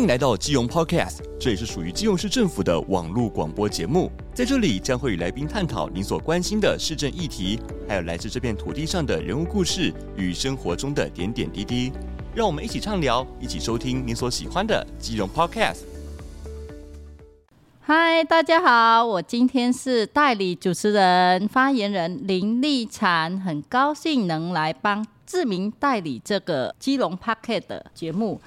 歡迎來到基隆 Podcast，這也是屬於基隆市政府的網絡廣播節目。在這裡，將會與來賓探討您所關心的市政議題，還有來自這片土地上的人物故事與生活中的點點滴滴。讓我們一起暢聊，一起收聽您所喜歡的基隆 Podcast。嗨，大家好，我今天是代理主持人、發言人林麗蟬，很高興能來幫治明代理這個基隆 Podcast 的節目。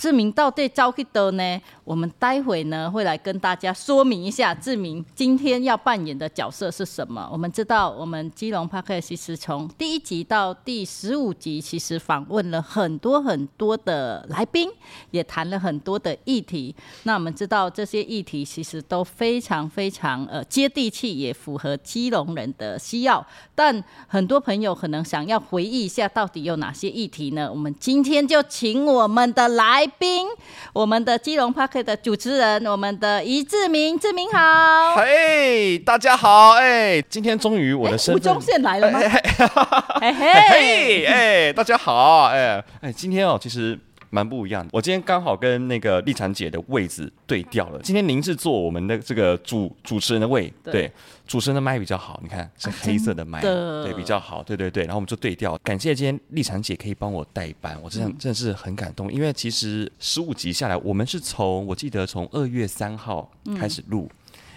治明到底走去倒呢？我們待會呢會來跟大家說明一下志明，今天要扮演的角色是什麼？我們知道我們基隆帕克其實從第一集到第十五集，其實訪問了很多很多的來賓，也談了很多的議題。那我們知道這些議題其實都非常非常呃接地氣，也符合基隆人的需要。但很多朋友可能想要回憶一下到底有哪些議題呢？我們今天就請我們的來賓，我們的基隆帕克的主持人，我們的余治明，治明好，嘿、hey，大家好，哎、欸，今天終於我的生吳宗憲來了嗎？欸、嘿，哎， 大家好，哎，哎，今天哦，其實蠻不一樣的，我今天剛好跟那個麗蟬姐的位置對調了，今天您是坐我們的這個主主持人的位，對。對主持人的麥比較好，你看是黑色的麥，啊真的、對比較好，對對對。然後我們就對調，感謝今天麗蟬姐可以幫我代班，我真的真的是很感動，嗯、因為其實十五集下來，我們是從我記得從二月三號開始錄、嗯，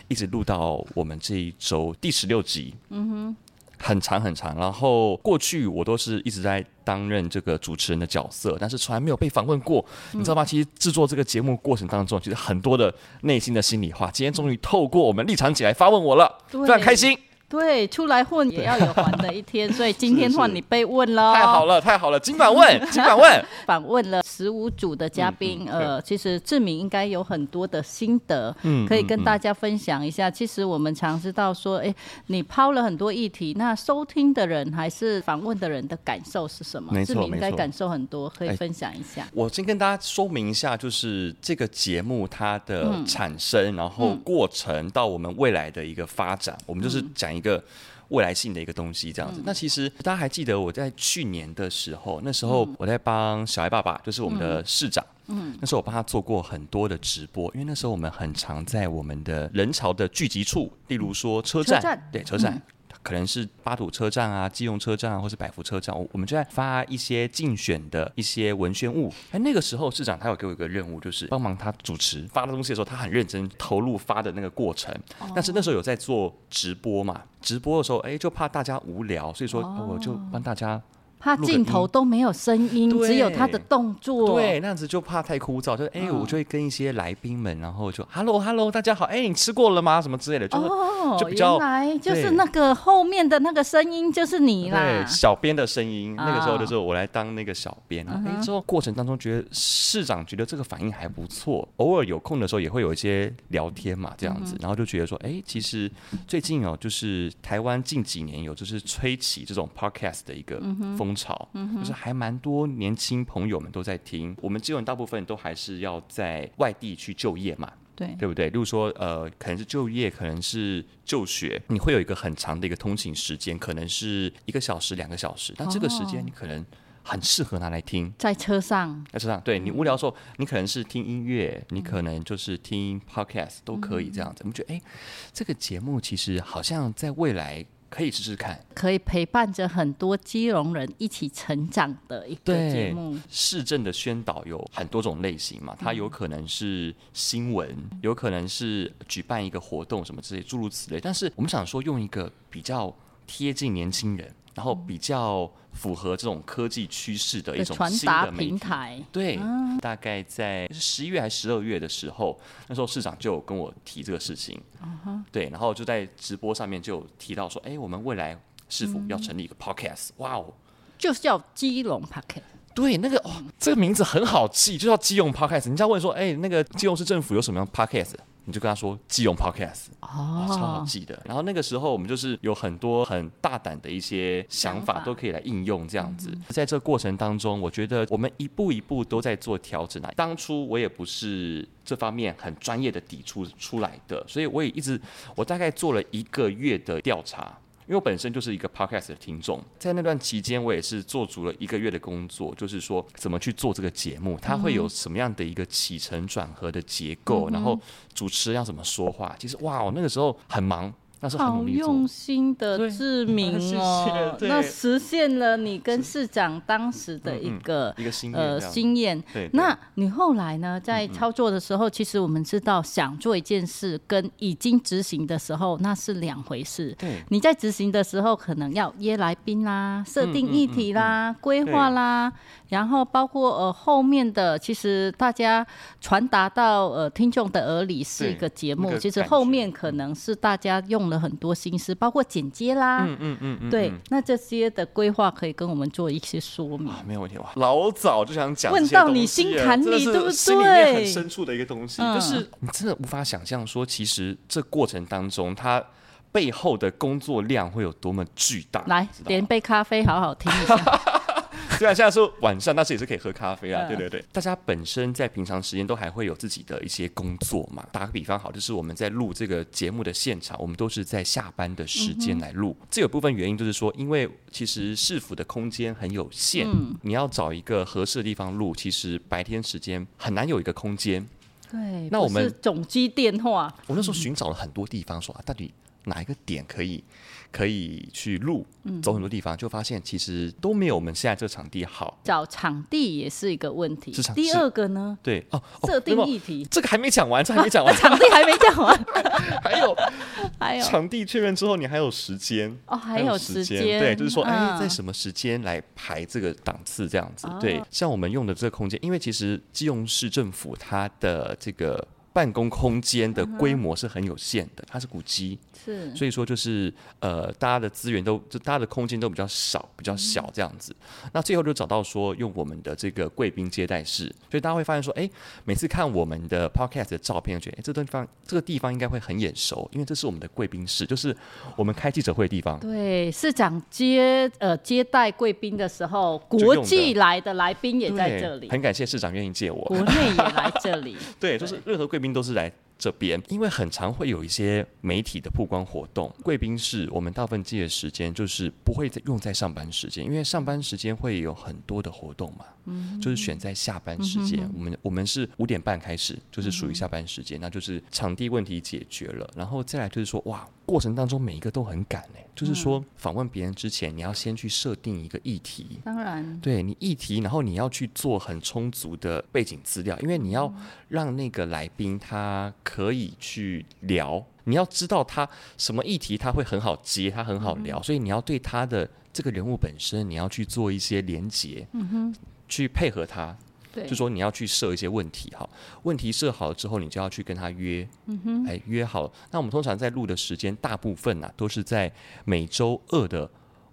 一直錄到我們這一週第十六集。嗯哼。很長很長，然後過去我都是一直在擔任這個主持人的角色，但是從來沒有被訪問過，嗯、你知道嗎？其實製作這個節目過程當中，其實很多的內心的心裡話，今天終於透過我們麗蟬姐來發問我了，非常開心。對，出來混也要有還的一天，所以今天換你被問了。太好了，太好了，儘管問，儘管問。 訪問了十五組的嘉賓，嗯嗯、呃、嗯，其實治明應該有很多的心得，嗯、可以跟大家分享一下。嗯嗯、其實我們常知道說，哎，你拋了很多議題，那收聽的人還是訪問的人的感受是什麼？治明應該感受很多，可以分享一下、哎。我先跟大家說明一下，就是這個節目它的產生、嗯，然後過程到我們未來的一個發展，嗯嗯、我們就是講一。一個未來性的一個東西，這樣子。嗯，那其實大家還記得，我在去年的時候，那時候我在幫小愛爸爸，就是我們的市長。嗯，那時候我幫他做過很多的直播，因為那時候我們很常在我們的人潮的聚集處，例如說車站，對，車站。可能是八堵車站啊、基隆車站啊，或是百福車站，我們就在發一些競選的一些文宣物。哎、欸，那個時候市長他有給我一個任務，就是幫忙他主持發的東西的時候，他很認真投入發的那個過程。但是那時候有在做直播嘛，直播的時候，哎、欸，就怕大家無聊，所以說、欸、我就幫大家。他鏡頭都沒有聲音，音，只有他的動作、哦。對，那樣子就怕太枯燥，就哎、欸，我就會跟一些來賓們、哦，然後就 Hello Hello，大家好，哎、欸，你吃過了嗎？什麼之類的，就是哦、就比較。原來就是那個後面的那個聲音，就是你啦。對，小編的聲音、哦。那個時候的時候，我來當那個小編啊。哎、嗯，之後過程當中覺得市長覺得這個反應還不錯，偶爾有空的時候也會有一些聊天嘛，這樣子、嗯，然後就覺得說，哎、欸，其實最近哦，就是台灣近幾年有就是吹起這種 Podcast 的一個風。嗯嗯、就是還蠻多年輕朋友們都在聽。我們基本大部分都還是要在外地去就業嘛，對對不對？例如說呃，可能是就業，可能是就學，你會有一個很長的一個通勤時間，可能是一個小時、兩個小時。但這個時間你可能很適合拿來聽，哦、在車上，在車上，對你無聊的時候，你可能是聽音樂、嗯，你可能就是聽 podcast 都可以這樣子。嗯、我們覺得哎，這個節目其實好像在未來。可以試試看，可以陪伴着很多基隆人一起成長的一個節目。對，市政的宣導有很多種類型嘛，它有可能是新聞，嗯，有可能是舉辦一個活動什麼之類諸如此類。但是我們想說，用一個比較貼近年輕人。然後比較符合這種科技趨勢的一種新的傳達平台，對，啊、大概在十一月還是十二月的時候，那時候市長就有跟我提這個事情、啊，對，然後就在直播上面就有提到說，哎，我們未來是否要成立一個 podcast？、嗯、哇哦，就是叫基隆 podcast，對，那個哦，這個名字很好記，就叫基隆 podcast。人家問說，哎，那個基隆市政府有什麼樣 podcast？你就跟他說，基隆 Podcast、oh. 哦，超好記的。然後那個時候，我們就是有很多很大膽的一些想法，都可以來應用這樣子。Mm -hmm. 在這個過程當中，我覺得我們一步一步都在做調整、啊。當初我也不是這方面很專業的抵觸出來的，所以我也一直，我大概做了一個月的調查。因為我本身就是一個 podcast 的聽眾，在那段期間，我也是做足了一個月的工作，就是說怎麼去做這個節目，它會有什麼樣的一個起承轉合的結構，然後主持人要怎麼說話。其實，哇、哦，我那個時候很忙。好用心的治明哦，那實現了你跟市長當時的一個心、嗯嗯、呃心願。那你後來呢？在操作的時候，嗯嗯、其實我們知道，想做一件事跟已經執行的時候那是兩回事。對，你在執行的時候，可能要約來賓啦，設定議題啦，規、嗯、劃、嗯嗯嗯、啦，然後包括呃後面的，其實大家傳達到呃聽眾的耳裡是一個節目。其實後面可能是大家用。很多心思，包括剪接啦，嗯嗯嗯，嗯，嗯，對，那這些的規劃可以跟我們做一些說明。啊、沒有問題吧，我老早就想講。問到你心坎裡，對不對？真的是心裡面很深處的一個東西，嗯、就是你真的無法想象，說其實這過程當中，它背後的工作量會有多麼巨大。來，連杯咖啡，好好聽一下。 雖然、啊、現在是晚上，但是也是可以喝咖啡啊、嗯！對對對，大家本身在平常時間都還會有自己的一些工作嘛。打個比方好，就是我們在錄這個節目的現場，我們都是在下班的時間來錄。嗯、這個部分原因就是說，因為其實市府的空間很有限、嗯，你要找一個合適的地方錄，其實白天時間很難有一個空間。對，那我們總機電話，我那時候尋找了很多地方說、啊，說、嗯、到底哪一個點可以。可以去錄，走很多地方、嗯，就發現其實都沒有我們現在這個場地好。找場地也是一個問題。第二個呢？對哦，設定議題、哦，這個還沒講完、啊，這還沒講完，啊、場地還沒講完。 還有，還有，場地確認之後，你還有時間哦，還有時間。對、嗯，就是說，哎、欸，在什麼時間來排這個檔次這樣子、哦？對，像我們用的這個空間，因為其實基隆市政府它的這個辦公空間的規模是很有限的，嗯、它是古蹟。是，所以說就是呃，大家的資源都，就大家的空間都比較少，比較小這樣子。嗯、那最後就找到說，用我們的這個貴賓接待室。所以大家會發現說，哎、欸，每次看我們的 Podcast 的照片，覺得哎、欸，這個、地方這個地方應該會很眼熟，因為這是我們的貴賓室，就是我們開記者會的地方。對，市長接呃接待貴賓的時候，國際來的來賓也在這裡。很感謝市長願意借我。國內也來這裡。 對，就是任何貴賓都是來。這邊因為很常會有一些媒體的曝光活動，貴賓室，我們大部分的時間就是不會再用在上班時間，因為上班時間會有很多的活動嘛，就是選在下班時間，我們我們是五點半開始，就是屬於下班時間，那就是場地問題解決了，然後再來就是說，哇，過程當中每一個都很趕哎，就是說訪問別人之前，你要先去設定一個議題，當然，對你議題，然後你要去做很充足的背景資料，因為你要讓那個來賓他可以去聊，你要知道他什麼議題他會很好接，他很好聊，所以你要對他的這個人物本身，你要去做一些連結，嗯哼。去配合他，對，就說你要去設一些問題哈，問題設好了之後，你就要去跟他約、嗯哼，哎，約好。那我們通常在錄的時間，大部分呢、啊，都是在每週二的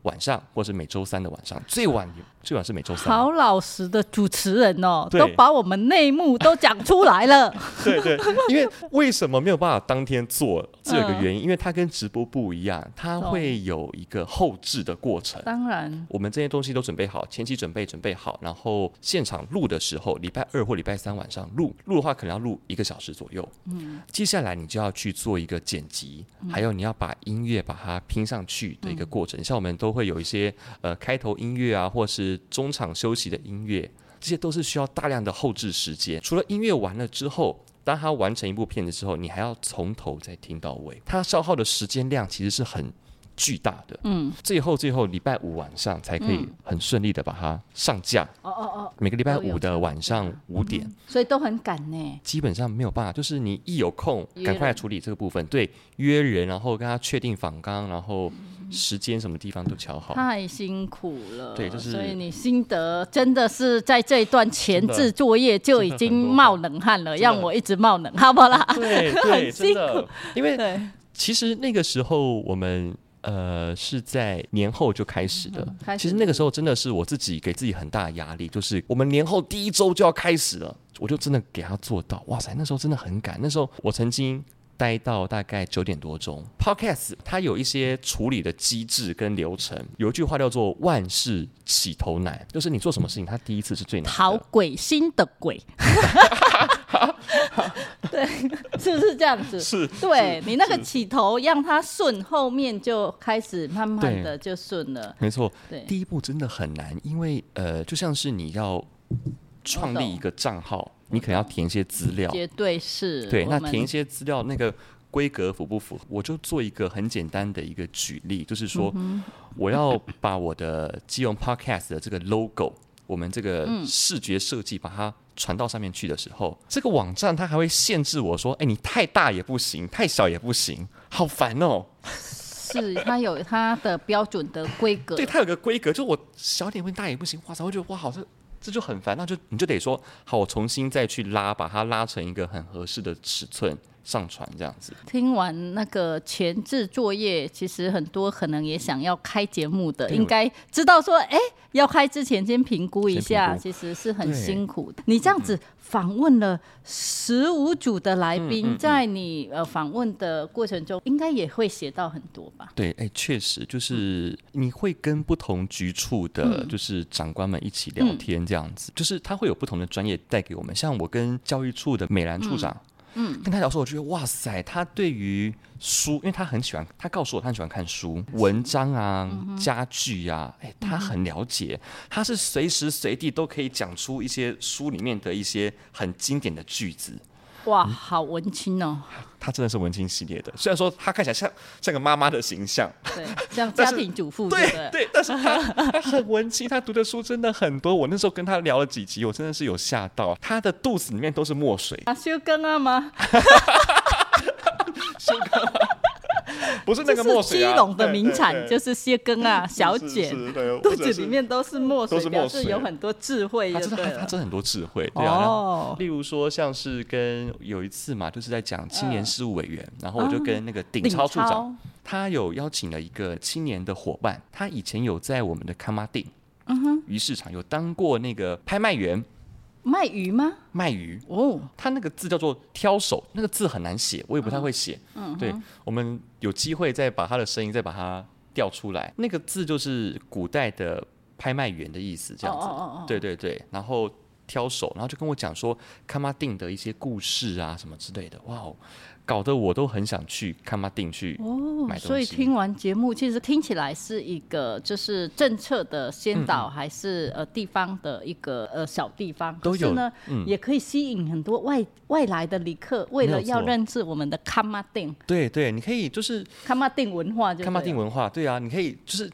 晚上，或是每週三的晚上， 最晚有。最晚是每週三。好老實的主持人哦，都把我們內幕都講出來了。 對，對，對，因為為什麼沒有辦法當天做？這 個原因，因為它跟直播不一樣，它會有一個後製的過程。哦，當然，我們這些東西都準備好，前期準備準備好，然後現場錄的時候，禮拜二或禮拜三晚上錄錄的話，可能要錄一個小時左右。嗯，接下來你就要去做一個剪輯，還有你要把音樂把它拼上去的一個過程。嗯，像我們都會有一些呃開頭音樂啊，或是中場休息的音樂，這些都是需要大量的後製時間。除了音樂完了之後，當他完成一部片子之後，你還要從頭再聽到尾，它消耗的時間量其實是很巨大的。嗯，最後最後禮拜五晚上才可以很順利的把它上架。哦哦哦，每個禮拜五的晚上五點哦哦哦、嗯，所以都很趕呢、欸。基本上沒有辦法，就是你一有空，趕快來處理這個部分，對，約人，然後跟他確定訪綱，然後。時間什麼地方都敲好，太辛苦了。對，就是所以你心得，真的是在這一段前置作業就已經冒冷汗了，讓我一直冒冷汗，好不好啦、啊對？對，很辛苦。因為其實那個時候我們呃是在年後就開始的，其實那個時候真的是我自己給自己很大的壓力，就是我們年後第一週就要開始了，我就真的給他做到，哇塞，那時候真的很趕。那時候我曾經。待到大概九點多鐘。Podcast 它有一些處理的機制跟流程，有一句話叫做“萬事起頭難”，就是你做什麼事情，它第一次是最難的。討鬼心的鬼。 對，是不是這樣子？是，對是你那個起頭讓它順，後面就開始慢慢的就順了。沒錯。對，第一步真的很難，因為呃，就像是你要。創立一個賬號，你可能要填一些資料，絕對是。對，那填一些資料，那個規格符不符合？我就做一個很簡單的一個舉例，嗯、就是說，我要把我的基隆 Podcast 的這個 logo，、嗯、我們這個視覺設計把它傳到上面去的時候，這個網站它還會限制我說，哎、欸，你太大也不行，太小也不行，好煩哦、喔。是，它有它的標準的規格， 對，它有個規格，就是我小點問大也不行，哇塞，長會覺得哇，好像。這就很煩，那就你就得說好，我重新再去拉，把它拉成一個很合適的尺寸。上傳這樣子。聽完那個前置作業，其實很多可能也想要開節目的，嗯、應該知道說，哎、欸，要開之前先評估一下，先評估，其實是很辛苦的。你這樣子訪問了十五組的來賓、嗯，在你呃訪問的過程中，應該也會寫到很多吧？對，哎、欸，確實就是你會跟不同局處的，就是長官們一起聊天這樣子，嗯嗯、就是他會有不同的專業帶給我們。像我跟教育處的美蘭處長。嗯嗯，跟他聊的時候，我覺得哇塞，他對於書，因為他很喜歡，他告訴我他很喜歡看書文章啊、佳句呀、啊，哎、欸，他很了解，他是隨時隨地都可以講出一些書裡面的一些很經典的句子。哇，好文青哦、嗯！他真的是文青系列的，雖然說他看起來像像個媽媽的形象，對，像家庭主婦，對對。但是他， 他很文青，他讀的書真的很多，我那時候跟他聊了幾集，我真的是有嚇到，他的肚子裡面都是墨水啊！修根啊嗎？修 改更、啊。 不是那個墨水啊，基隆的名產。對對對，就是蟹羹啊， 小姐，肚子裡面都是墨水。墨水表示有很多智慧，他他他真的他真的很多智慧。哦、對啊，例如說像是跟有一次嘛，就是在講青年事務委員、哦，然後我就跟那個頂超處長、嗯，他有邀請了一個青年的夥伴、嗯，他以前有在我們的崁仔頂，嗯哼、魚市場有當過那個拍賣員。賣魚嗎？賣魚哦，他那個字叫做“挑手”，那個字很難寫，我也不太會寫，嗯。對，嗯，我們有機會再把他的聲音再把它調出來。那個字就是古代的拍賣員的意思，這樣子。哦哦哦哦。對對對，然後挑手，然後就跟我講說，卡媽定的一些故事啊什麼之類的。哇哦。搞得我都很想去卡馬丁去買東西哦，所以聽完節目，其實聽起來是一個就是政策的先導，嗯、還是呃地方的一個呃小地方，可是呢、嗯、也可以吸引很多外外來的旅客，為了要認識我們的卡馬丁，對對，你可以就是卡馬丁文化就，卡馬丁文化，對啊，你可以就是。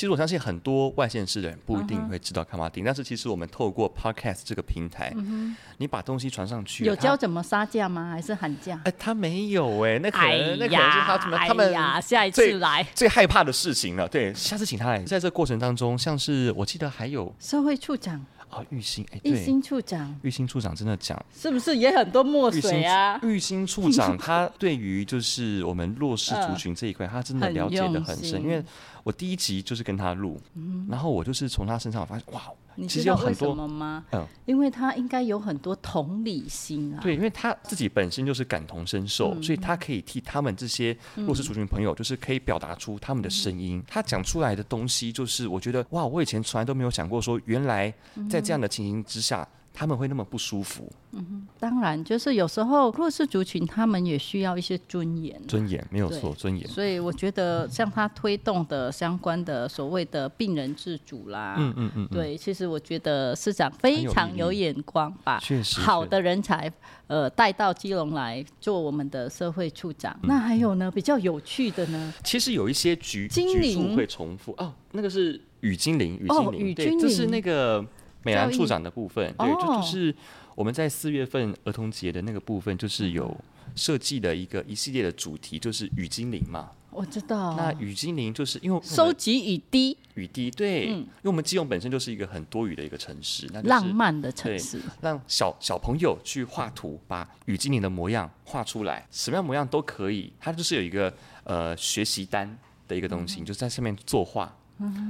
其實我相信很多外縣市的人不一定會知道卡瑪丁，嗯，但是其實我們透過 Podcast 這個平台，嗯、你把東西傳上去，有教怎麼殺價嗎？還是喊價？哎、欸，他沒有哎、欸，那可能、哎、那可能是他麼、哎、呀他們、哎、呀下一次來最最害怕的事情了。對，下次請他來。在這個過程當中，像是我記得還有社會處長啊，玉心哎、欸，玉興處長，玉心處長真的講是不是也很多墨水啊？玉心處長 他對於就是我們弱勢族群這一塊，呃、他真的了解得很深，很因為。我第一集就是跟他錄、嗯，然後我就是從他身上發現哇，其實有很多嗎？嗯，因為他應該有很多同理心啊。對，因為他自己本身就是感同身受，嗯、所以他可以替他們這些弱勢族群朋友、嗯，就是可以表達出他們的聲音。嗯、他講出來的東西，就是我覺得哇，我以前從來都沒有想過，說原來在這樣的情形之下。嗯嗯他們會那麼不舒服？嗯哼，當然，就是有時候弱勢族群，他們也需要一些尊嚴。尊嚴沒有錯，尊嚴。所以我覺得，像他推動的相關的所謂的病人自主啦，嗯，嗯嗯嗯，對，其實我覺得市長非常有眼光吧，確實，好的人才呃帶到基隆來做我們的社會處長嗯嗯。那還有呢，比較有趣的呢，其實有一些局精靈會重複哦，那個是雨精靈，雨精靈，哦，對，這是那個。麗蟬處長的部分，oh. 對，這就是我們在四月份兒童節的那個部分，就是有設計的一個一系列的主題，就是雨精靈嘛。我知道。那雨精靈就是因為收集雨滴，雨滴對、嗯，因為我們基隆本身就是一個很多雨的一個城市，那就是、浪漫的城市。讓小小朋友去畫圖，把雨精靈的模樣畫出來，什麼樣模樣都可以。它就是有一個呃學習單的一個東西，你、嗯、就在上面作畫。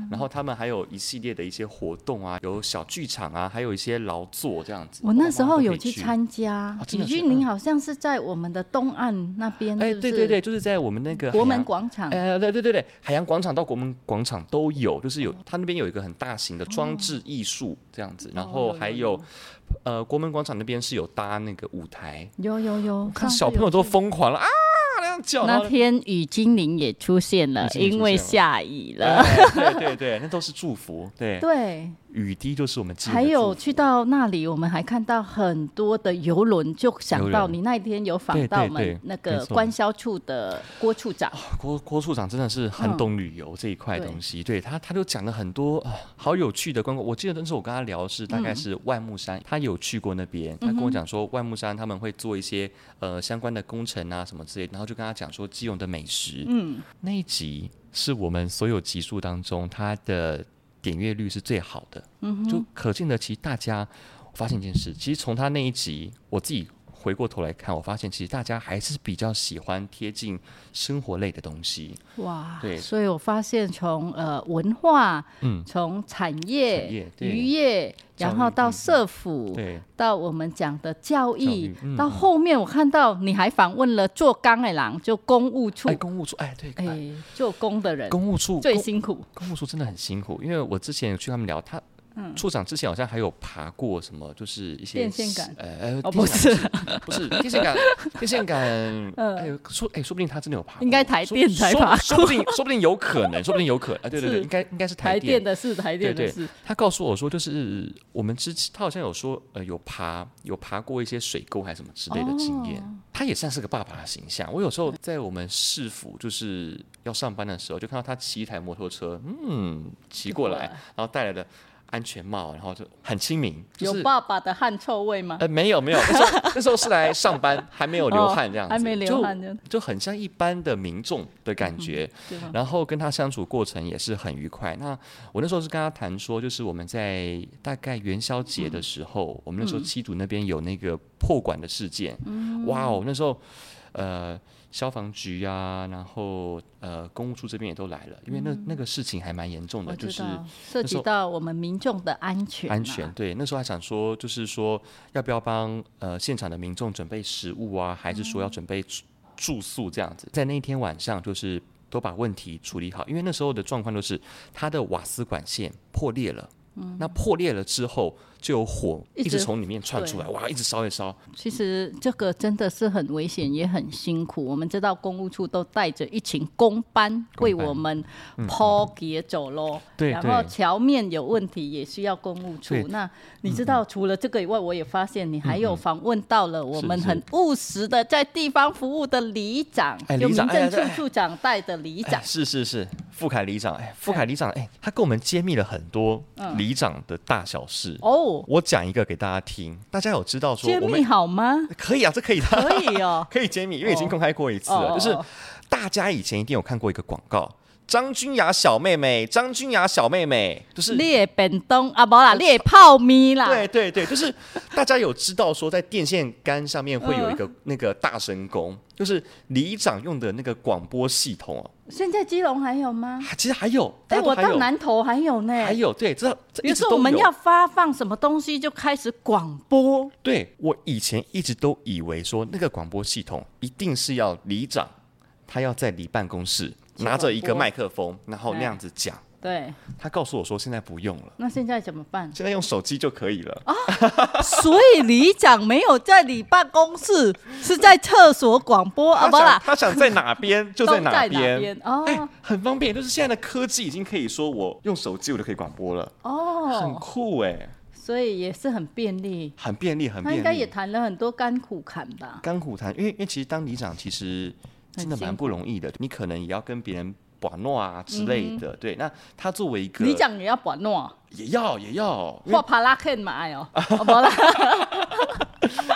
然後他們還有一系列的一些活動啊，有小劇場啊，還有一些勞作這樣子。我那時候有去參加。李訓寧好像是在我們的東岸那邊。哎、嗯欸，對對對，就是在我們那個國門廣場。呃、欸，對對對對，海洋廣場到國門廣場都有，就是有，他、哦、那邊有一個很大型的裝置藝術這樣子，哦、然後還有、哦，呃，國門廣場那邊是有搭那個舞台，有有有，有看小朋友都瘋狂了啊！那天雨精靈也出現，出現了，因為下雨了。對對對， 那都是祝福。對對。雨滴就是我們的。還有去到那裡，我們還看到很多的郵輪，就想到你那一天有訪到我們那個觀銷處的郭處長。處郭處長，對對對、哦、郭、郭處長真的是很懂旅遊、嗯、這一塊東西，對他，他就講了很多、哦、好有趣的觀光。我記得當時候我跟他聊是大概是萬木山，嗯、他有去過那邊，他跟我講說，萬木山他們會做一些呃相關的工程啊什麼之類，然後就跟他講說基隆的美食。嗯，那一集是我們所有集數當中他的。點閱率是最好的，嗯，就可見的。其實大家我發現一件事，其實從他那一集，我自己。回過頭來看，我發現其實大家還是比較喜歡貼近生活類的東西。哇，對，所以我發現從呃文化，嗯，從產業、漁業，業，然後到社福、嗯，對，到我們講的教育、嗯、到後面我看到你還訪問了做剛愛郎，就工務處，哎，工務處，哎，對，哎，做工的人，工、哎、務處最辛苦，工務處真的很辛苦，因為我之前有去他們聊他。嗯、處長之前好像還有爬過什麼，就是一些電線桿，呃呃、哦，不是，不是 電線桿，電線桿，哎呦，說哎，說不定他真的有爬，應該台電才爬說，說不定，說不定有可能， 說不定有可能，啊，對對對，應該應該是台電的，是台電的是，台電的是對對對，他告訴我說，就是我們之前，他好像有說，呃，有爬，有爬過一些水溝還是什麼之類的經驗，哦，他也算是個爸爸的形象。我有時候在我們市府就是要上班的時候，就看到他騎一台摩托車，嗯，騎過來，然後帶來的。安全帽，然後就很親民、就是，有爸爸的汗臭味嗎？ 呃，沒有沒有，那時候那時候是來上班， 還沒有流汗這樣子，哦、還沒流汗這樣子，就就很像一般的民眾的感覺、嗯。然後跟他相處過程也是很愉快。那我那時候是跟他談說，就是我們在大概元宵節的時候、嗯，我們那時候七堵那邊有那個破管的事件、嗯，哇哦，那時候。呃，消防局呀、啊，然後呃，公務處這邊也都來了，因為那、嗯、那，那個事情還蠻嚴重的，就是涉及到我們民眾的安全、啊。安全對，那時候還想說，就是說要不要幫呃現場的民眾準備食物啊，還是說要準備住宿這樣子？嗯、在那天晚上，就是都把問題處理好，因為那時候的狀況就是他的瓦斯管線破裂了，嗯，那破裂了之後。就有火一直從裡面竄出來，哇！一直燒，一燒。其實這個真的是很危險、嗯，也很辛苦。我們知道公務處都帶着一群工班，公班為我們破解走嘍。對、嗯。然後橋面有問題，也需要公務處，公務處。那你知道除了這個以外，我也發現你還有訪問到了我們很務實的在地方服務的里長，嗯嗯、有民政處處長帶的里長。欸里長欸欸欸欸、是是是，是，富凱里長。哎、欸，富凱里長，哎、欸欸，他跟我們揭秘了很多里長的大小事。嗯、哦。我講一個給大家聽，大家有知道說我，揭秘好嗎？可以啊，這可以的，可以哦， 可以揭秘，因為已經公開過一次了。Oh. Oh. 就是大家以前一定有看過一個廣告。張君雅小妹妹，張君雅小妹妹，就是列本東啊，不啦列泡咪啦。對對對，就是大家有知道說，在電線桿上面會有一個那個大聲公，就是里長用的那個廣播系統哦、啊。現在基隆還有嗎？啊、其實還有，哎、欸，我到南投還有呢。還有對，這於是我們要發放什麼東西，就開始廣播。對，我以前一直都以為說，那個廣播系統一定是要里長。他要在里辦公室拿着一個麥克風、哎，然後那樣子講。對，他告訴我說，現在不用了。那現在怎麼辦？現在用手機就可以了。啊、哦， 所以里長沒有在里辦公室， 是在廁所廣播啊？不啦，他想在哪邊 就在哪邊。哪邊哦、欸，很方便，就是現在的科技已經可以說我用手機我就可以廣播了。哦，很酷哎、欸。所以也是很便利，很便利，很便利。他應該也談了很多甘苦談吧？甘苦談，因為因為其實當里長其實。真的蠻不容易的，你可能也要跟別人把諾啊之類的、嗯。對，那他作為一個你講也要把諾，也要也要。我帕拉克嘛喲，帕拉。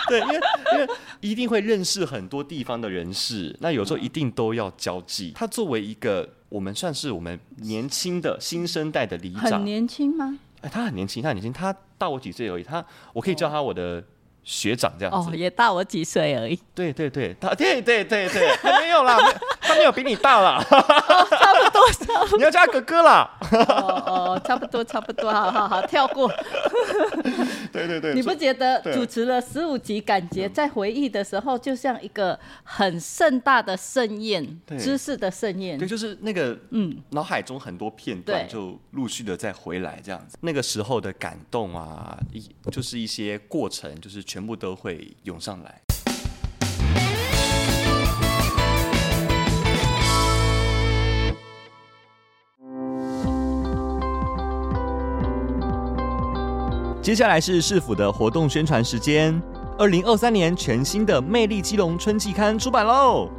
對，因為因為一定會認識很多地方的人士，那有時候一定都要交際、嗯。他作為一個我們算是我們年輕的新生代的里長，很年輕嗎？哎、欸，他很年輕，他很年輕，他大我幾歲而已。他我可以叫他我的。哦學長這樣子，哦，也大我幾歲而已。對對對，他對對對對， 還沒有啦，他沒有比你大啦。 哦 你要加哥哥啦 哦哦，差不多差不多，好好好，跳過。對對對。你不覺得主持了十五集感，感覺在回憶的時候，就像一個很盛大的盛宴，對，知識的盛宴。對，對就是那個嗯，腦海中很多片段就陸續的再回來，這樣子、嗯。那個時候的感動啊，一就是一些過程，就是全部都會湧上來。接下來是市府的活動宣傳時間。二零二三年全新的魅力基隆春季刊出版嘍！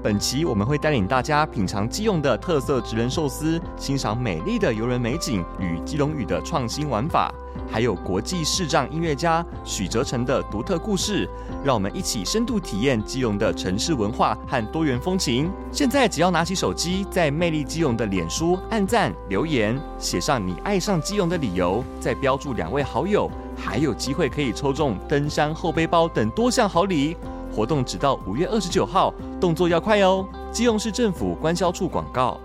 本期我們會帶領大家品嘗基隆的特色職人壽司，欣賞美麗的遊人美景與基隆嶼的創新玩法，還有國際視障音樂家許哲成的獨特故事。讓我們一起深度體驗基隆的城市文化和多元風情。現在只要拿起手機，在魅力基隆的臉書按讚留言，寫上你愛上基隆的理由，再標注兩位好友。還有機會可以抽中登山後背包等多項好禮，活動只到五月二十九號，動作要快哦！基隆市政府觀銷處廣告。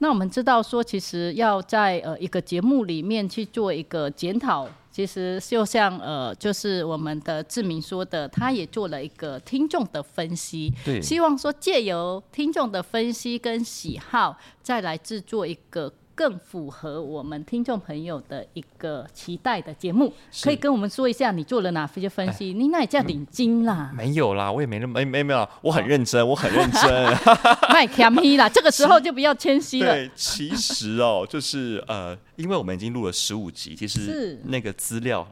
那我們知道說，其實要在呃一個節目裡面去做一個檢討，其實就像呃就是我們的志明說的，他也做了一個聽眾的分析，對，希望說借由聽眾的分析跟喜好，再來制作一個。更符合我們聽眾朋友的一個期待的節目，可以跟我們說一下你做了哪些分析？你那也叫頂真啦？沒有啦，我也沒那麼沒沒沒有，我很認真，啊、我很認真，賣謙虛啦。這個時候就不要謙虛了。對，其實哦、喔，就是呃，因為我們已經錄了十五集，其實那個資料。資料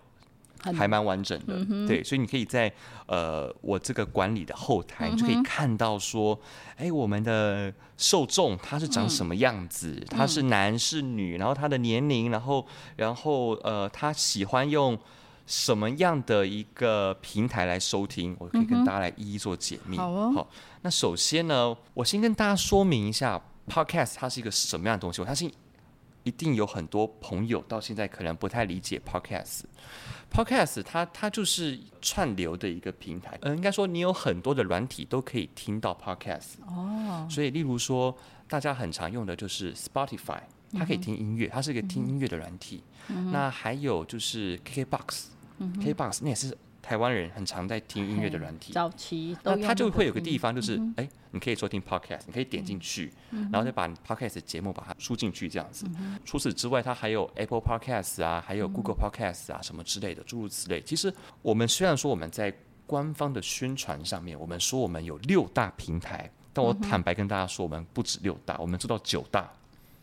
還蠻完整的，嗯，對，所以你可以在呃我這個管理的後台，你就可以看到說，哎，嗯欸，我們的受眾他是長什麼樣子，嗯，他是男是女，然後他的年齡，然後然後呃他喜歡用什麼樣的一個平台來收聽，我可以跟大家來一一做解密。嗯，好，哦，好，那首先呢，我先跟大家說明一下，Podcast 它是一個什麼樣的東西，我它是。一定有很多朋友到現在可能不太理解 Podcast。Podcast 它它就是串流的一個平台，嗯，應該說你有很多的軟體都可以聽到 Podcast。哦、oh。所以，例如說大家很常用的就是 Spotify，它可以聽音樂，mm -hmm. 它是一個聽音樂的軟體。Mm -hmm. 那還有就是 KKBox，KKBox、mm -hmm. 那也是。台灣人很常在聽音樂的軟體，okay, 早期都他就會有個地方，就是哎、嗯欸，你可以做聽 podcast，你可以點進去、嗯，然後再把 podcast 節目把它輸進去這樣子、嗯。除此之外，它還有 Apple Podcast 啊，還有 Google Podcast 啊、嗯、什麼之類的，諸如此類。其實我們雖然說我們在官方的宣傳上面，我們說我們有六大平台，但我坦白跟大家說，我們不止六大，我們做到九大。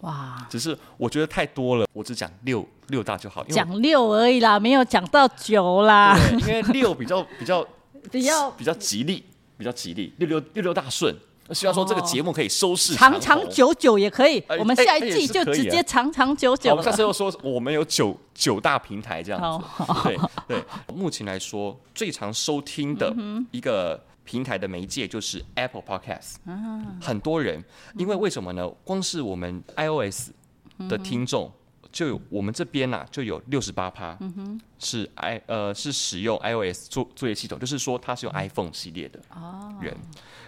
哇，只是我覺得太多了，我只講六六大就好。講六而已啦，沒有講到九啦。 對，因為六比較比較比較 比較吉利，比較吉利，六六六六大順。希望說這個節目可以收視長長久久也可以，欸、我們下一季、欸欸啊、就直接長長久久。那時候說我們有九 九大平台這樣子， 對對，目前來說最常收聽的一個、嗯。平台的媒介就是 Apple Podcast，很多人，因為為什麼呢？光是我們 iOS 的聽眾就有我們這邊吶、啊、就有六十八趴，是 i 呃是使用 iOS 作作業系統，就是說它是用 iPhone 系列的人。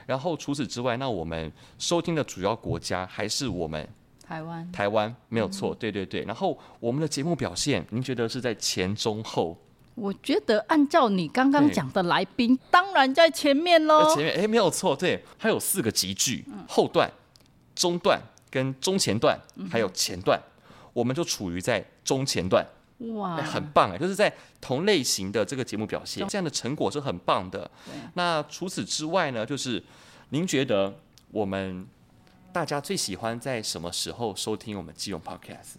然後除此之外，那我們收聽的主要國家還是我們台灣，台灣沒有錯，對對對。然後我們的節目表現，您覺得是在前中後？我覺得按照你剛剛講的，來賓當然在前面嘍。在前面，哎，沒有錯，對，還有四個級距，嗯，後段、中段跟中前段，嗯，還有前段，我們就處於在中前段。哇，很棒哎，就是在同類型的這個節目表現，這樣的成果是很棒的，啊。那除此之外呢，就是您覺得我們大家最喜歡在什麼時候收聽我們基隆 Podcast？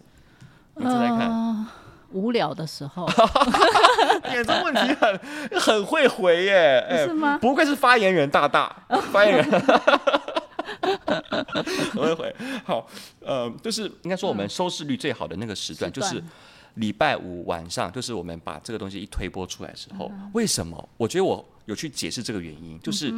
你再來看。呃無聊的時候 ，點這問題很 很會回耶，不是嗎？不愧是發言人大大， 發言人我 會回。好，呃，就是應該說我們收視率最好的那個時段，嗯、就是禮拜五晚上，就是我們把這個東西一推播出來的時候，為什麼？我覺得我有去解釋這個原因、嗯，就是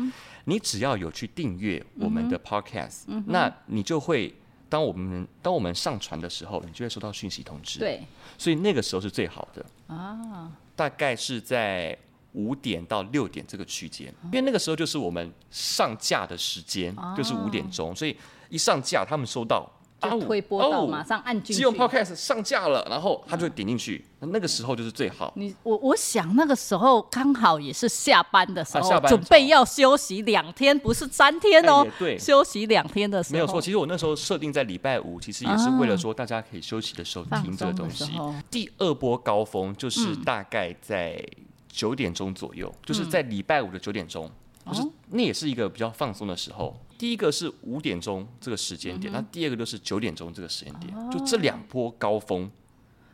你只要有去訂閱我們的 podcast，、嗯、那你就會。當我們當我們上傳的時候，你就會收到訊息通知。對，所以那個時候是最好的啊，大概是在五點到六點這個區間，啊，因為那個時候就是我們上架的時間，就是五點鐘，啊，所以一上架他們收到。就推播到馬上按就只有 Podcast 上架了，然後他就會點進去、嗯，那個時候就是最好。你我我想那個時候剛好也是下班的時候，啊、準備要休息兩天，不是三天哦、哎對，休息兩天的時候。沒有錯，其實我那時候設定在禮拜五，其實也是為了說大家可以休息的時候聽這個東西。第二波高峰就是大概在九點鐘左右、嗯，就是在禮拜五的九點鐘。嗯不、哦、是，那也是一個比較放鬆的時候。第一個是五點鐘這個時間點、嗯，那第二個就是九點鐘這個時間點、嗯，就這兩波高峰，哦、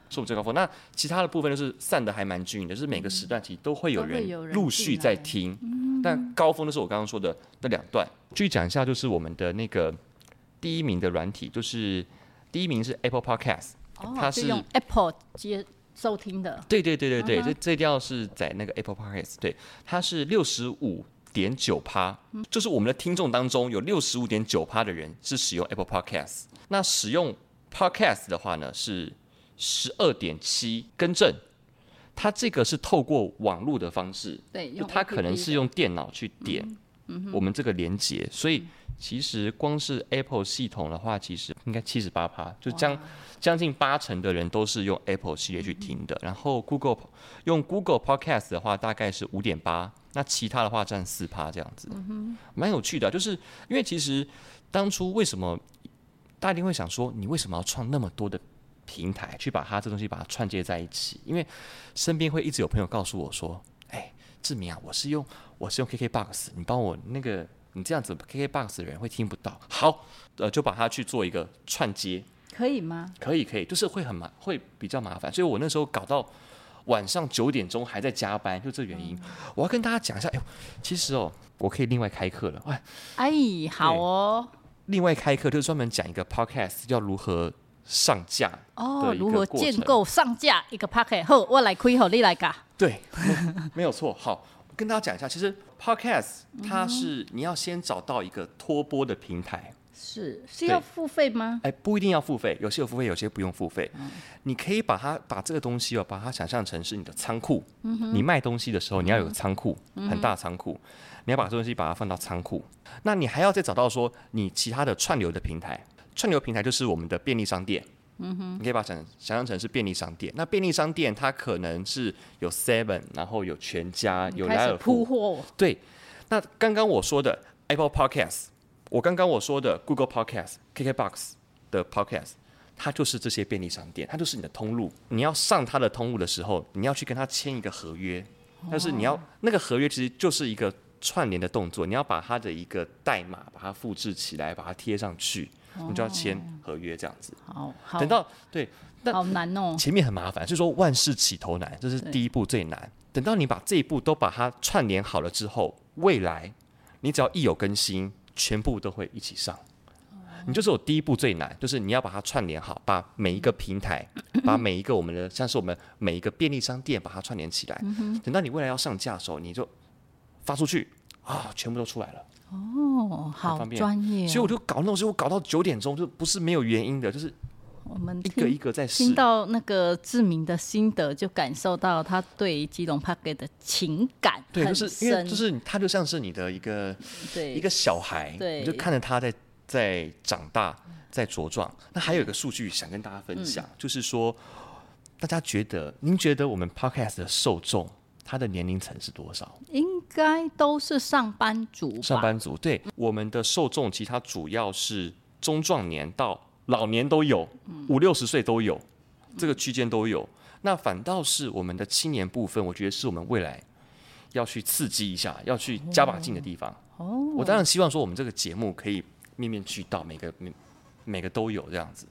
是我們最高峰？那其他的部分就是散得還的還蠻均勻的，就是每個時段其實都會有人陸續在聽、啊嗯。但高峰就是我剛剛說的那兩段。繼續講一下，就是我們的那個第一名的軟體，就是第一名是 Apple Podcast，、哦、它是用 Apple 接收聽的。對對對對對，對、嗯，這這掉是在那個 Apple Podcast，對，它是六十五。點九趴，就是我們的聽眾當中有六十五點九趴的人是使用 Apple Podcast，那使用 Podcast 的話呢，是十二點七更正。它這個是透過網絡的方式，對，它可能是用電腦去點我們這個連接，所以。其實光是 Apple 系統的話，其實應該七十八趴，就將將近八成的人都是用 Apple 系列去聽的。然後 Google 用 Google Podcast 的話大概是五點八，那其他的話占四趴這樣子，蠻有趣的。就是因為其實當初為什麼大家會想說，你為什麼要創那麼多的平台去把它這東西把它串接在一起？因為身邊會一直有朋友告訴我說、欸：“哎，治明啊，我是用我是用 KK Box，你幫我那個。”你這樣子，KKBOX 的人會聽不到。好，呃，就把它去做一個串接，可以嗎？可以，可以，就是會很麻，會比較麻煩。所以我那時候搞到晚上九點鐘還在加班，就是、這原因、嗯。我要跟大家講一下，哎、欸、其實哦、喔，我可以另外開課了。哎、欸，哎，好哦。另外開課就是專門講一個 Podcast 要如何上架哦，如何建構上架一個 Podcast。好，我來開，你來講。對，欸、沒有錯。好。跟大家講一下，其實 podcast 它是你要先找到一個託播的平台，是、嗯、是要付費嗎？哎、欸，不一定要付費，有些有付費，有些不用付費、嗯。你可以把它把這個東西哦，把它想象成是你的倉庫、嗯。你賣東西的時候，你要有倉庫、嗯，很大倉庫，你要把這東西把它放到倉庫、嗯。那你還要再找到說你其他的串流的平台，串流平台就是我們的便利商店。你可以把它想想象成是便利商店。那便利商店它可能是有 Seven，然後有全家，有萊爾富，開始鋪貨。對，那剛剛我說的 Apple Podcast，我剛剛我說的 Google Podcast，KKBox 的 Podcast，它就是這些便利商店，它就是你的通路。你要上它的通路的時候，你要去跟它簽一個合約，但是你要、哦、那個合約其實就是一個串聯的動作，你要把它的一個代碼把它複製起來，把它貼上去。你就要簽合約這樣子，哦、好，好，等到對，但好難哦，前面很麻煩，所以說萬事起頭難，這是第一步最難。等到你把這一步都把它串聯好了之後，未來你只要一有更新，全部都會一起上。哦、你就是我第一步最難，就是你要把它串聯好，把每一個平台，嗯、把每一個我們的 像是我們每一個便利商店把它串聯起來、嗯。等到你未來要上架的時候，你就發出去。啊、哦，全部都出來了。哦，好專業。所以我就搞那種時候，我搞到九點鐘，就不是沒有原因的，就是我們一個一個在聽，聽到那個治明的心得，就感受到他對基隆 Podcast 的情感，對，就是因為就是他，就像是你的一個對一個小孩，對，你就看着他在在長大，在茁壯。那還有一個數據想跟大家分享、嗯，就是說，大家覺得，您覺得我們 Podcast 的受眾？他的年齡層是多少？應該都是上班族。上班族，對。我們的受眾，其實它主要是中壯年到老年都有，五六十歲都有，這個區間都有。那反倒是我們的青年部分，我覺得是我們未來要去刺激一下、哦、要去加把勁的地方。哦，我當然希望說我們這個節目可以面面俱到，每，每個每每個都有這樣子。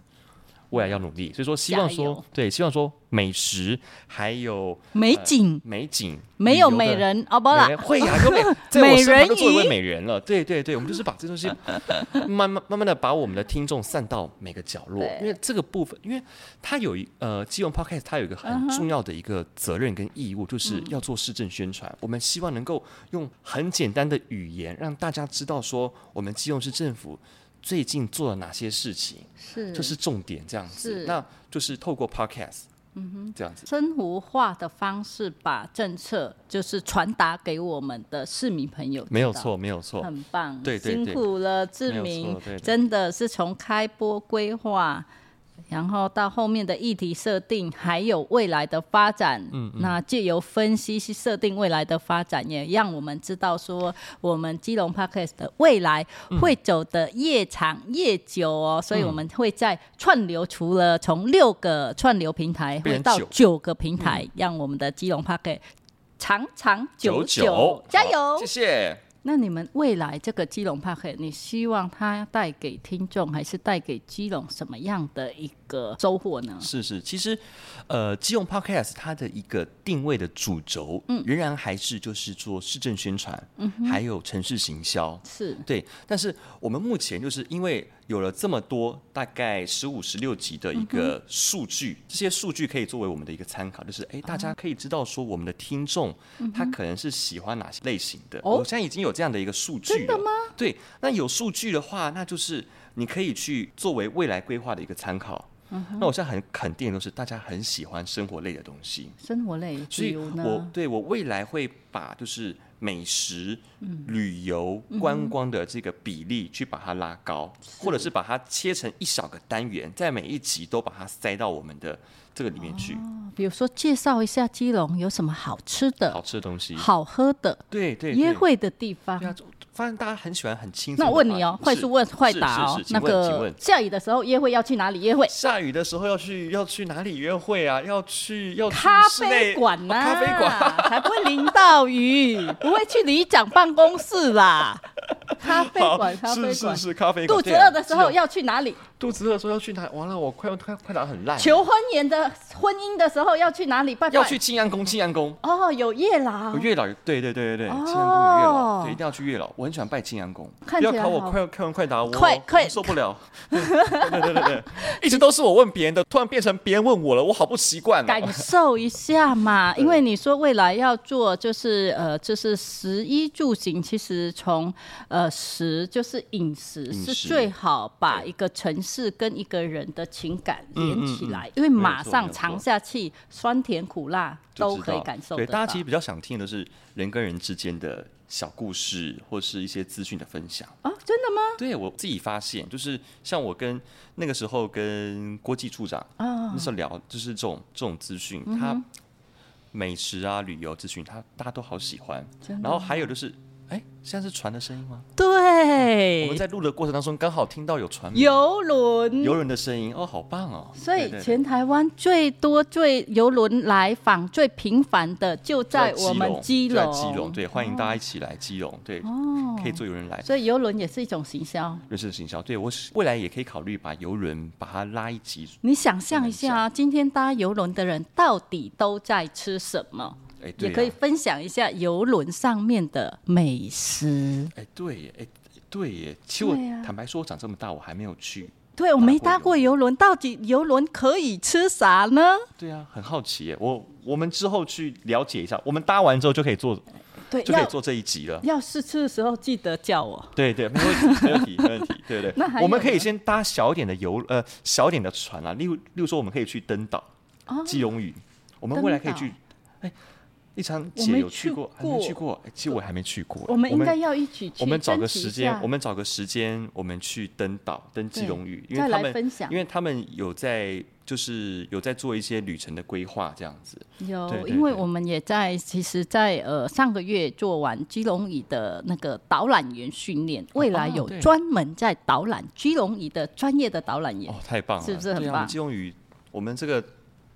未來要努力，所以說希望說對，希望說美食還有美景，呃、美景沒有美人哦，不啦，美人美人會呀各位，在 我身旁做一位美人了，對對對，我們就是把這東西 慢慢慢慢的把我們的聽眾散到每個角落，因為這個部分，因為它有呃基隆 Podcast 它有一個很重要的一個責任跟義務，uh -huh、就是要做市政宣傳、嗯，我們希望能夠用很簡單的語言讓大家知道說，我們基隆市政府。最近做了哪些事情？是，就是重點，這樣子。那就是透過 Podcast，嗯哼，這樣子、嗯。生活化的方式把政策就是傳達給我們的市民朋友。沒有錯，沒有錯，很棒，對對對，辛苦了，對對對，志明，對對對，真的是從開播規劃。然後到後面的議題設定，還有未來的發展，嗯，嗯，那借由分析去設定未來的發展，也讓我們知道說，我們基隆帕克 r 的未來會走的越長越久哦。嗯、所以，我們會在串流除了從六個串流平台變成九個平台，讓我們的基隆帕克長長久久，九九加油！謝謝。那你們未來這個基隆 Podcast，你希望它帶給聽眾，還是帶給基隆什麼樣的一個收穫呢？是是，其實，呃，基隆 podcast 它的一個定位的主軸，嗯，仍然還是就是做市政宣傳，嗯，還有城市行銷，是對。但是我們目前就是因為有了這麼多大概十五十六集的一個數據，嗯，這些數據可以作為我們的一個參考，就是哎，大家可以知道說我們的聽眾，嗯，他可能是喜歡哪些類型的，哦。我現在已經有這樣的一個數據了，真的嗎？對，那有數據的話，那就是你可以去作為未來規劃的一個參考。嗯、那我現在很肯定的都是大家很喜歡生活類的東西。生活類呢，所以我對我未來會把就是美食、嗯、旅遊、觀光的這個比例去把它拉高嗯嗯，或者是把它切成一小個單元，在每一集都把它塞到我們的這個裡面去。哦、比如說，介紹一下基隆有什麼好吃的、好吃的東西、好喝的，對對、對，約會的地方。發現大家很喜歡很輕鬆。那我問你哦，快速問快答哦。那個下雨的時候約會要去哪裡約會？下雨的時候要去要去哪裡約會啊？要去要去咖啡館啊。哦、咖啡館才不會淋到雨， 不會去里長辦公室啦。 咖啡館，咖啡館，是是，是咖啡館。肚子餓的時候要去哪裡？肚子餓說要去哪裡？完了，我快要快快答很爛、啊。求婚演的婚姻的時候要去哪裡拜，拜？要去靜安宮。靜安宮哦有，有月老。有月老，對對對對對，靜、哦、安宮有月老，對，一定要去月老。我很喜歡拜靜安宮。不要考我快，看快快問快答，我快快受不了。 對對對，對，對一直都是我問別人的，突然變成別人問我了，我好不習慣。感受一下嘛，因為你說未來要做，就是呃，就是食衣住行，其實從呃食就是飲食，食是最好把一個城市。是跟一個人的情感連起來，嗯嗯，因為馬上嘗下去，嗯，酸甜苦辣都可以感受。對，大家其實比較想聽的是人跟人之間的小故事，或是一些資訊的分享啊。真的嗎？對，我自己發現，就是像我跟那個時候跟郭記處長啊，那時候聊就是這種這種資訊，嗯，他美食啊、旅遊資訊，他大家都好喜歡。然後還有就是。哎，現在是船的聲音嗎？對、嗯，我們在錄的過程當中剛好聽到有船，郵輪，郵輪的聲音哦，好棒哦。所以全台灣最多最郵輪來訪最頻繁的就在我們基隆，在基隆，在基隆、哦、對，歡迎大家一起來基隆對、哦，可以坐郵輪來，所以郵輪也是一種行銷，人生的行銷。對我未來也可以考慮把郵輪把它拉一集。你想象一下啊，今天搭郵輪的人到底都在吃什麼？也可以分享一下遊輪上面的美食。哎、欸，對哎、啊欸，對耶。其實我、啊、坦白說，我長這麼大我還沒有去。對，我沒搭過遊輪，到底遊輪可以吃啥呢？對啊，很好奇耶。我我們之後去了解一下。我們搭完之後就可以做，對，就可以做這一集了。要試吃的時候記得叫我。對對、對，沒問題，沒問題， 沒問題。 對、對對。那還我們可以先搭小一點的遊呃小一點的船啊，例如例如說我們可以去登島、哦。基隆嶼，我們未來可以去。一昌姐有去過，還沒去過、欸。其實我還沒去過。嗯、我，們我們應該要一起去一。我們找個時間，我們找個時間，我們去登島，登基隆嶼。再來分享。因為他們有在，就是有在做一些旅程的規劃，這樣子。有對對對，因為我們也在，其實在呃上個月做完基隆嶼的那個導覽員訓練，未來有專門在導覽基隆嶼的專業的導覽員。哦，太棒了，是不是很棒？啊、基隆嶼，我們這個。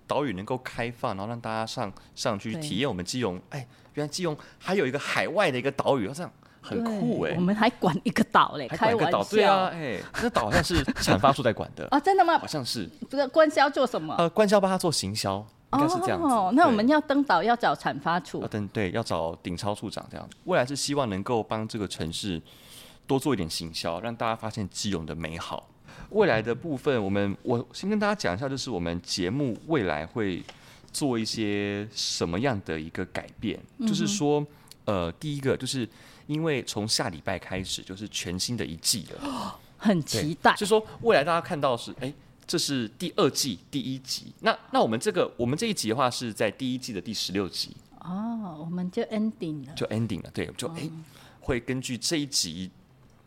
島嶼能夠開放，然後讓大家上上去體驗我們基隆。哎、欸，原來基隆還有一個海外的一個島嶼，好像很酷哎、欸！我們還管一個島嘞，還有一個島，對啊，哎、欸，這 島好像是產發處在管的啊，真的嗎？好像是不是官銷做什麼？呃，官銷幫他做行銷，應該是這樣、哦、那我們要登島要找產發處，登、啊、對要找頂超處長這樣。未來是希望能夠幫這個城市多做一點行銷，讓大家發現基隆的美好。未來的部分，我們我先跟大家講一下，就是我們節目未來會做一些什麼樣的一個改變，嗯、就是說，呃，第一個就是因為從下禮拜開始就是全新的一季了，哦、很期待。就是說未來大家看到是，哎、欸，這是第二季第一集，那那我們這個我們這一集的話是在第一季的第十六集，哦，我們就 ending 了，就 ending 了，對，就哎、欸、哦，會根據這一集。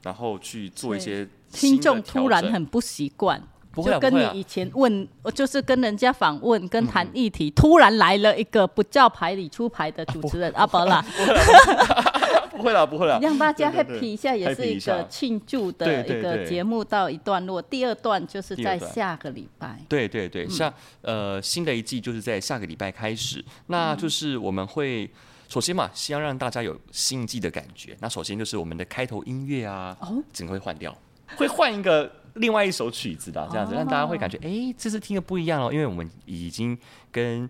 然後去做一些聽眾突然很不習慣，不會跟你以前問，就是跟人家訪問、跟談議題、嗯，突然來了一個不叫牌理出牌的主持人阿寶、啊啊、啦，啦， 啦。不會啦，不會啦，讓大家 happy 一下，也是一個慶祝的一個節目到一段落，對對對。第二段就是在下個禮拜。對對對，下呃新的一季就是在下個禮拜開始，嗯、那就是我們會。首先嘛，先要讓大家有新季的感覺。那首先就是我們的開頭音樂啊，oh? 整個會換掉，會換一個另外一首曲子的這樣子，oh. 讓大家會感覺，哎、欸，這次聽的不一樣哦。因為我們已經跟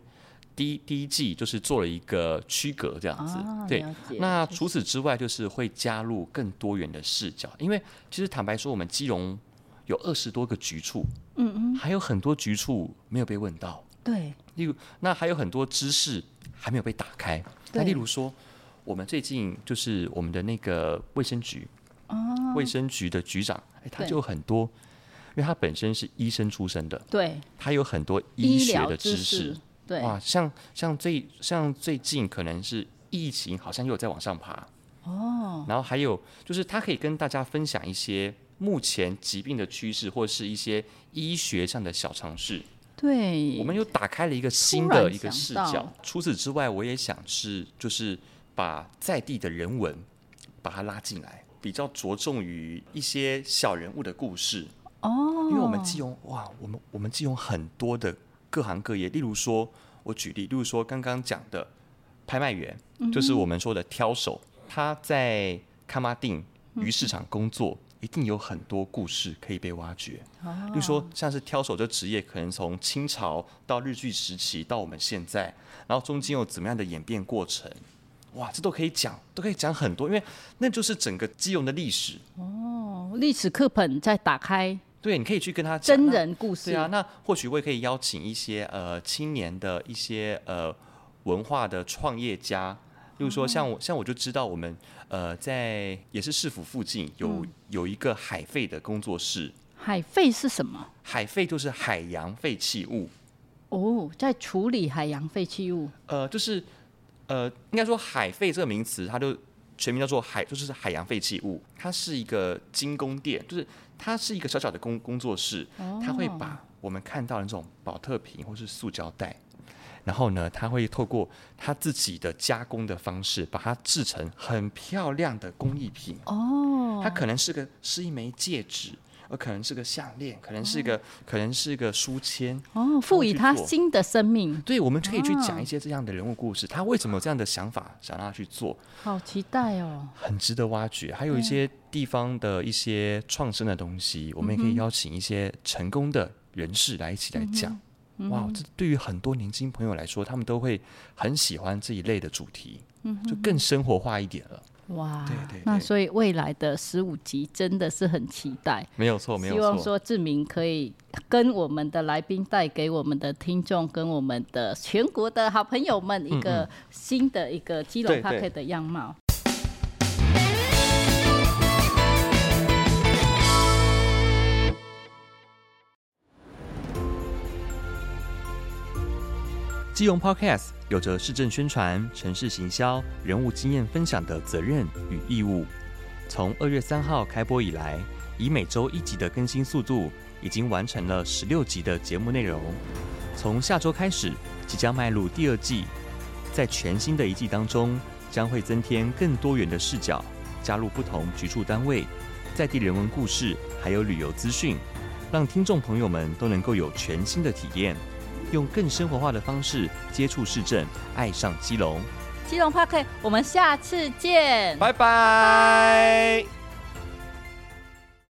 第第一季就是做了一個區隔，這樣子。Oh, 對，了解。那除此之外，就是會加入更多元的視角。因為其實坦白說，我們基隆有二十多個局處，嗯嗯，還有很多局處沒有被問到。對。例如，那還有很多知識還沒有被打開。那例如說，我們最近就是我們的那個衛生局，衛生局，哦，衛生局的局長，欸，他就很多，因為他本身是醫生出身的，對，他有很多醫學的知識，醫療知識，對，哇，像像最像最近可能是疫情好像又在往上爬，哦，然後還有就是他可以跟大家分享一些目前疾病的趨勢，或者是一些醫學上的小常識。對，我們又打開了一個新的一個視角。除此之外，我也想是就是把在地的人文把它拉進來，比較着重於一些小人物的故事。哦，因為我們既用哇，我們我們既用很多的各行各業，例如說，我舉例，例如說剛剛講的拍賣員，嗯、就是我們說的挑手，他在崁仔頂魚市場工作。嗯一定有很多故事可以被挖掘，比如說像是挑手這職業，可能從清朝到日據時期到我們現在，然後中間有怎麼樣的演變過程，哇，這都可以講，都可以講很多，因為那就是整個基隆的歷史哦。歷史課本在打開，對，你可以去跟他真人故事，啊。那或許我也可以邀請一些呃青年的一些呃文化的創業家。就是說，像我像我就知道，我們呃在也是市府附近有有一個海廢的工作室。海廢是什麼？海廢就是海洋廢棄物。哦，在處理海洋廢棄物。呃，就是呃，應該說海廢這個名詞，它就全名叫做海，就是海洋廢棄物。它是一個精工店，就是它是一個小小的工工作室，它會把我們看到的那種保特瓶或是塑膠袋。然後呢，他會透過他自己的加工的方式，把它製成很漂亮的工藝品。哦，它可能是個是一枚戒指，呃，可能是個項鏈，可能是一個、哦，可能是一個書籤。哦，賦予它新的生命。對，我們可以去講一些這樣的人物故事。哦，他為什麼有這樣的想法，想讓他去做？好期待哦！很值得挖掘，還有一些地方的一些創生的東西，我們也可以邀請一些成功的人士來一起來講。嗯哇，這對於很多年輕朋友來說，他們都會很喜歡這一類的主題，嗯哼哼，就更生活化一點了。哇，對對、對。那所以未來的十五集真的是很期待，沒有錯，沒有錯。希望說治明可以跟我們的來賓帶給我們的聽眾，嗯，跟我們的全國的好朋友們一個新的、嗯、一個基隆 Podcast 的樣貌。對對對基隆 Podcast 有着市政宣傳、城市行銷、人物經驗分享的責任與義務。從二月三號開播以來，以每周一集的更新速度，已經完成了十六集的節目內容。從下周開始，即將邁入第二季。在全新的一季當中，將會增添更多元的視角，加入不同局處單位、在地人文故事，還有旅遊資訊，讓聽眾朋友們都能夠有全新的體驗。用更生活化的方式接觸市政，愛上基隆。基隆 Podcast，我們下次見，拜拜。